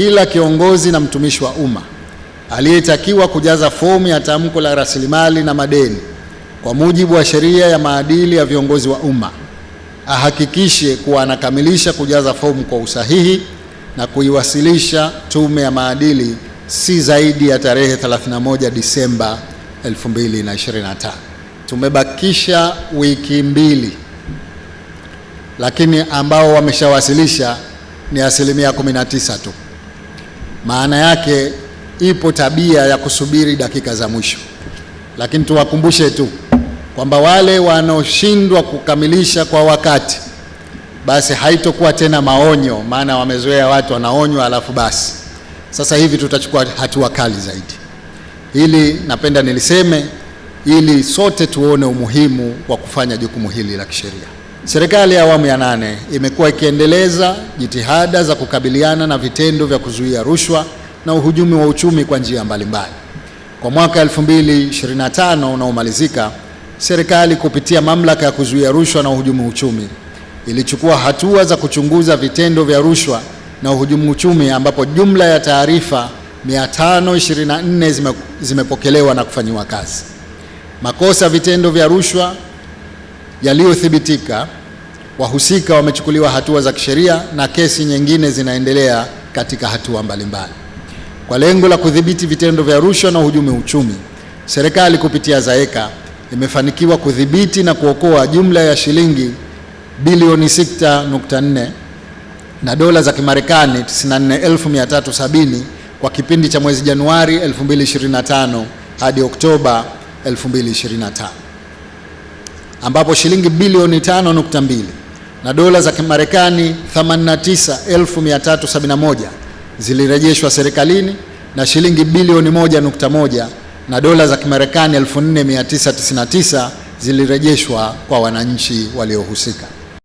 kila kiongozi na mtumishi wa umma aliyetakiwa kujaza fomu ya tamko la rasilimali na madeni kwa mujibu wa sheria ya maadili ya viongozi wa umma ahakikishe kuwa anakamilisha kujaza fomu kwa usahihi na kuiwasilisha Tume ya Maadili si zaidi ya tarehe 31 Disemba 2025. Tumebakisha wiki mbili, lakini ambao wameshawasilisha ni asilimia 19 tu. Maana yake ipo tabia ya kusubiri dakika za mwisho, lakini tuwakumbushe tu kwamba wale wanaoshindwa kukamilisha kwa wakati, basi haitokuwa tena maonyo, maana wamezoea watu wanaonywa alafu basi. Sasa hivi tutachukua hatua kali zaidi. Hili napenda niliseme, ili sote tuone umuhimu wa kufanya jukumu hili la kisheria. Serikali ya awamu ya nane imekuwa ikiendeleza jitihada za kukabiliana na vitendo vya kuzuia rushwa na uhujumu wa uchumi kwa njia mbalimbali. Kwa mwaka 2025 unaomalizika, serikali kupitia mamlaka ya kuzuia rushwa na uhujumu uchumi ilichukua hatua za kuchunguza vitendo vya rushwa na uhujumu uchumi ambapo jumla ya taarifa 524 zimepokelewa na kufanyiwa kazi. Makosa vitendo vya rushwa yaliyothibitika, wahusika wamechukuliwa hatua za kisheria na kesi nyingine zinaendelea katika hatua mbalimbali. Kwa lengo la kudhibiti vitendo vya rushwa na uhujumu uchumi, serikali kupitia zaeka imefanikiwa kudhibiti na kuokoa jumla ya shilingi bilioni 6.4 na dola za Kimarekani 94370 kwa kipindi cha mwezi Januari 2025 hadi Oktoba 2025 ambapo shilingi bilioni 5.2 na dola za Kimarekani 89371 zilirejeshwa serikalini na shilingi bilioni 1.1 na dola za Kimarekani 4999 zilirejeshwa kwa wananchi waliohusika.